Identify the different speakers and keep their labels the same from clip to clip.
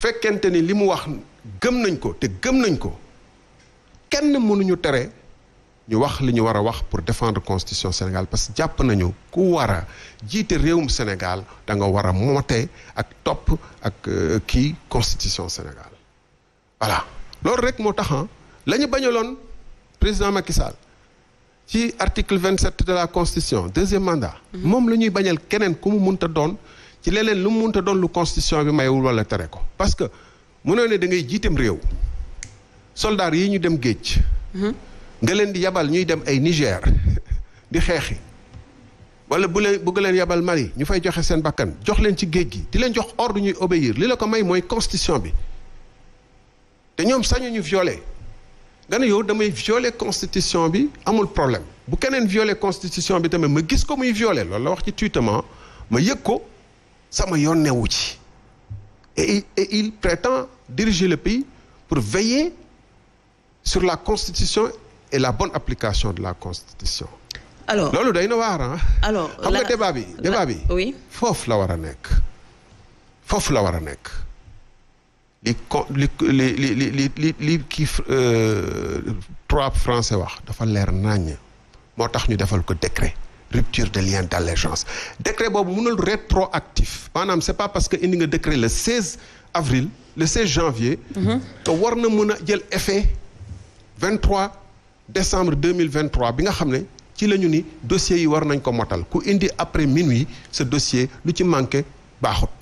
Speaker 1: fekkente ni li mu wax gëm nañ ko te gëm nañ ko kenn mënuñu tere ñu wax li ñu war a wax pour défendre constitution Sénégal parce que jàpp nañu ku war a jiite réewum Sénégal da nga war a moote ak topp ak euh, kii constitution Sénégal voilà loolu rek moo tax la ñu bañaloon président Macky Sall ci article 27 de la constitution deuxième mandat mm-hmm. moom la ñuy bañal keneen ku mu munta doon ci leneen lu mu munta doon lu constitution bi mayewul wala tere ko parce que mënoo ne da ngay jiitam réew soldaar yi ñu dem géej mhm. nga leen di yabal ñuy dem ay Niger di xeexi walla bu leen bëgg leen yabal Mali ñu fay joxe seen bakkan jox leen ci géej gi di leen jox ordre ñuy obéir li la ko may mooy constitution bi te ñoom sañu ñu violer nga ne yow damay violer constitution bi amul problème bu keneen violer constitution bi tamit ma gis ko muy violer loolu la wax ci tuitement ma yëg ko sama yoon newu ci et il prétend diriger le pays pour veiller sur la constitution et la bonne application de la constitution alors loolu day na waar ah alors xam nga débat bi débat bi foofu la war a nekk foofu la war a nekk li co li li li li li li euh, trois français wax dafa leer naññ moo tax ñu defal ko décret rupture de lien d'allégeance décret boobu mënul rétroactif maanaam c'est pas parce que indi nga décret le 16 avril le 16 janvier mhm. que war na mën a jël effet 23 décembre 2023 bi nga xam ne ci la ñu ni dossier yi war nañ ko motal ku indi après minuit ce dossier lu ci manqué baaxut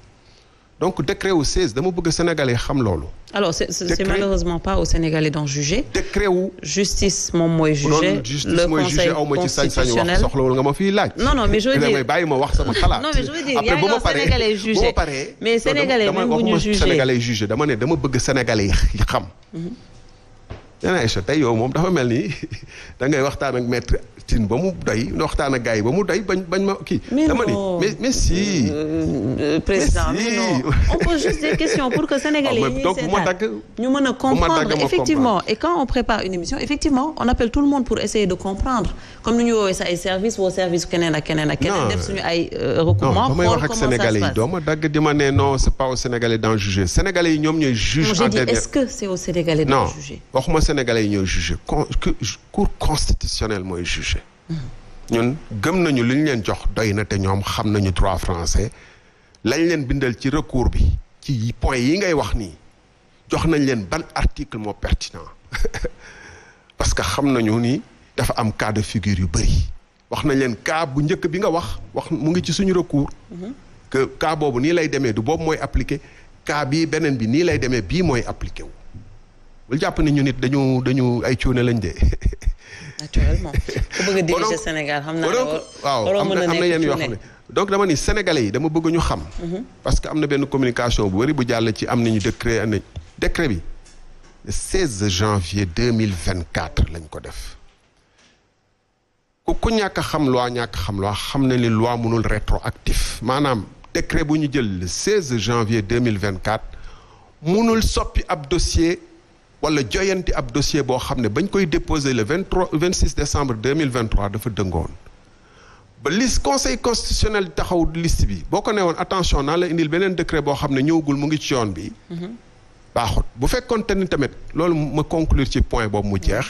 Speaker 1: donc décret wu 16 dama bëgg sénégalais xam loolu.
Speaker 2: alors c'est, c'est, décret, c'est malheureusement pas aux sénégalais d'en juger. décret wu justice
Speaker 1: moom mooy juger. le conseil constitutionnel awma ci sañ-sañu wax soxlawul nga ma fiy laaj. non non mais je veux dire bàyyi ma wax sama xalaat. non mais je veux dire yaa ngi sénégalais juger après bu ma paree
Speaker 2: mais sénégalais même bu ñu juger sénégalais
Speaker 1: juger dama ne dama bëgg sénégalais yi xam. nee naa Aïcha tey yow moom dafa mel ni da ngay waxtaan ak maître. tin ba mu doy waxtaan ak gars yi ba mu doy bañ bañ ma kii. dama euh, euh, on pose juste des questions pour que sénégalais ah, yi ñuy seetaan
Speaker 2: ñu a comprendre effectivement et quand on prépare une émission effectivement on appelle tout le monde pour essayer de comprendre comme ni ñu woowee sa ay service woo service keneen ak keneen ak keneen. def suñu ay euh, recoupement. xool comment ça se
Speaker 1: ma dagg di ma ne non c'est pas aux sénégalais d'en juger sénégalais yi ñoom ñooy juge en dernier est-ce
Speaker 2: que c'est aux sénégalais d'en juger
Speaker 1: juger ñun gëm nañu li leen jox doy na te ñoom xam nañu droit francais lañ leen bindal ci recours bi ci point yi ngay wax nii jox nañ leen ban article moo pertinent parce que xam nañu ni dafa am cas de figure yu bëri wax nañ leen cas bu njëkk bi nga wax wax mu ngi ci suñu recours mhm. que cas boobu nii lay demee du boobu mooy appliqué kaa bii beneen bi nii lay demee bii mooy appliqué wu bul jàpp ni ñu nit dañu dañu ay cuune lañ de.
Speaker 2: naturellement ku bëgg a diriger Sénégal am
Speaker 1: na yenn yoo donc dama ni sénégale yi dama bëgg ñu xam. Mhm. parce que am na benn communication bu bëri bu jàll ci am nañu décret am décret bi le 16 janvier 2024 lañ ko def ku ku ñàkk a xam loi ñàkk xam loi xam na ni loi mënul rétroactif maanaam décret bu ñu jël le 16 janvier 2024 mënul soppi ab dossier. wala joyanti ab dossier boo xam ne bañ koy déposé le vingt trois vingt six décembre deux mille vingt trois dafa dëngoon ba liste conseil constitutionnel taxaw list bi boo ko neewoon attention naa la indil beneen décret boo xam ne ñëwagul mu ngi ci yoon bi. Mhm. baaxut bu fekkoon te ni tamit loolu ma conclure ci point boobu mu jeex.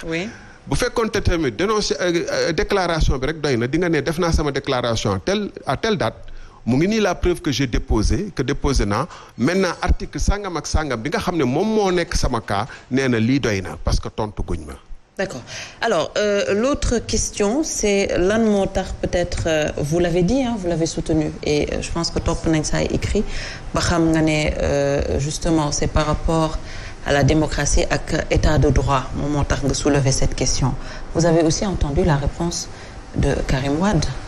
Speaker 1: bu te tamit dénoncé euh, euh, déclaration bi rek doy na di nga ne def naa sama déclaration tel à telle date. mu ngi nii la preuve que j'ai déposé que déposé naa maintenant article sangam ak sangam bi nga xam ne moom moo nekk sama cas nee na lii doy na parce que tontu guñ ma.
Speaker 2: d'accord alors euh, l'autre question c'est lan moo tax peut-être euh, vous l'avez dit vous l'avez soutenu et euh, je pense que topp nañ saa écrit ba xam nga ne euh, justement c'est par rapport à la démocratie ak état de droit moom moo tax nga soulever cette question vous avez aussi entendu la réponse de Karim Wade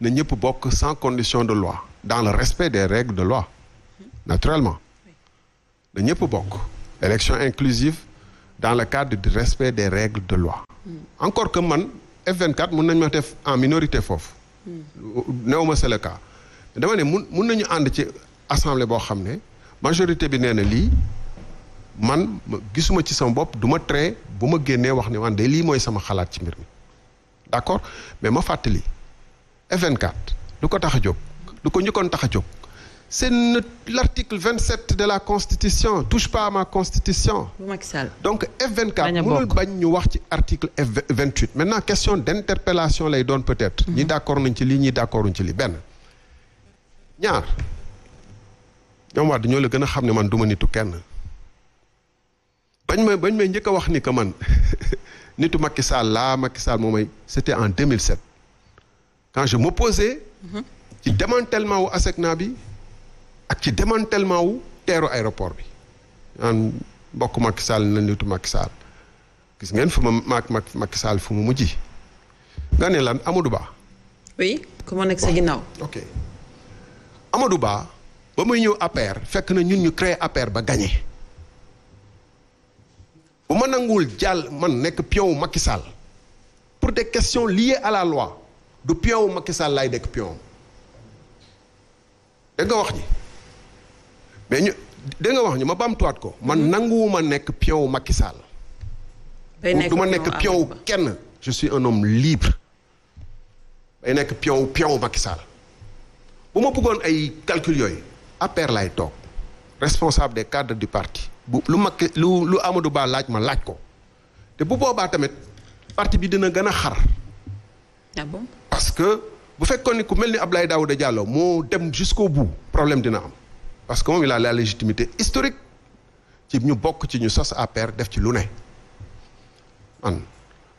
Speaker 1: na ñëpp bokk sans condition de loi dans le respect des règles de loi naturellement na ñëpp bokk élection inclusive dans le cadre du respect des règles de loi encore que man F24 mun nañu ma def en minorité foofu néew ma c'est le dama ne mun mun nañu ànd ci assemblée boo xam ne majorité bi nee na lii man gisuma ci sama bopp du ma trait bu ma génnee wax ni wan de lii mooy sama xalaat ci mbir mi d'accord mais ma fàttali F24 lu ko tax a jóg du ko njëkkoon tax a jóg c'est l'article 27 de la constitution touche pas à ma constitution. donc F24. mënul bañ ñu wax ci article F28. maintenant question d'interpellation lay doon peut-être. Mhm. ñi d'accord nañ ci lii ñi d'accord nañ ci lii benn. ñaar ñoom wax dañoo la gën a xam ne man duma nitu kenn bañ may bañ may njëkk a wax ni que man nitu Macky Sall laa Macky Sall moom mooy c'était en 2007. quand je m'opposais ci démantèlement wu ASECNA bi ak ci démantèlement wu teeru aéroport bi naan mbokk Macky na nitu Macky Sall gis ngeen fu ma maak Macky fu mu mujj nga ne lan Amadou Ba. oui ku ma nekk sa ginnaaw. ok Ba ba muy ñëw APR fekk na ñun ñu créé APR ba gagné bu ma nanguwul jàll man nekk pion Macky Sall pour de question liées à la loi. du pion Macky Sall laay dekk pion dégg nga wax ji mais ñu dégg nga wax ñu ma bamtuwaat ko man mhm. nanguwuma nekk pion Macky Sall du ma nekk pion kenn je suis libre day nekk pion pion Macky Sall bu ma bëggoon ay calcul yooyu APR laay toog responsable des cadres du parti bu lu Macky lu lu Amadou Ba laaj ma laaj ko te bu boobaa tamit parti bi dina gën a xar ah parce que bu fekkoon ni ku mel ni ab lay Abdoulaye Daouda jàlloo moo dem jusqu'au bout problème dina am parce que moom il a la légitimité historique ci ñu bokk ci ñu sos APR def ci lu ne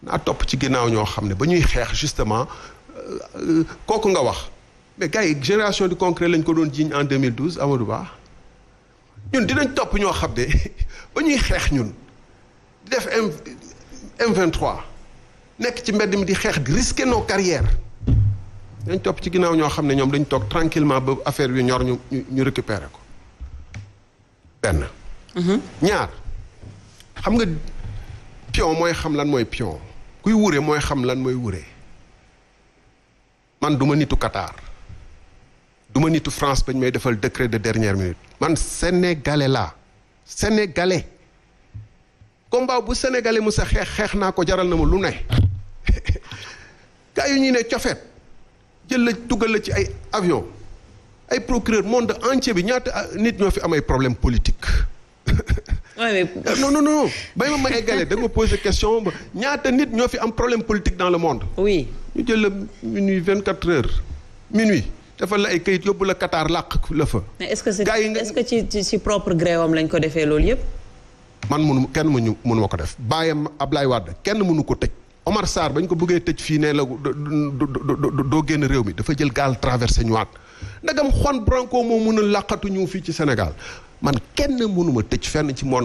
Speaker 1: naa topp ci ginnaaw ñoo xam ne ba ñuy xeex justement euh, kooku nga wax mais gars yi génération du concret lañ ko doon jiiñ en 2012 Amadou Ba ñun dinañ topp ñoo xam ne ba ñuy xeex ñun di def M m nekk ci mbedd mi di xeex di risquer nos carrières dañ topp ci ginnaaw ñoo xam ne ñoom dañ toog tranquillement ba affaire yu ñor ñu ñu récupérer ko benn mhm. ñaar xam nga pion mooy xam lan mooy pion kuy wure mooy xam lan mooy wure man du ma nitu Qatar du ma nitu France bañ may defal décret de dernière minute man sénégalais laa sénégalais combat bu sénégalais mu sa xeex xeex naa ko jaral na ma lu ne gaa yu ñuy ne cofet jël la tugal la ci ay avion ay procureur monde entier bi ñaata nit ñoo fi am ay problème politique. Euh, non non non bay ma ma eggale da nga question ba ñaata nit ñoo fi am problème politique dans le monde. oui ñu jël la minuit vingt quatre heures minuit. defal la ay kayit yóbbu la Qatar làq la fa.
Speaker 2: est-ce que c'est est-ce que ci ci ci propre gréwam lañ ko defee loolu yëpp.
Speaker 1: man mënu kenn ñu mënu ma ko def bàyyam Ablaye Wade kenn mënu ko tëj. Omar Sarr bañ ko bëggee tëj fii ne la doo génn réew mi dafa jël gaal traversé ñëwaat ndagam xon Branco moo mun a làqatu ñu fii ci Sénégal man kenn mënuma tëj fenn ci monde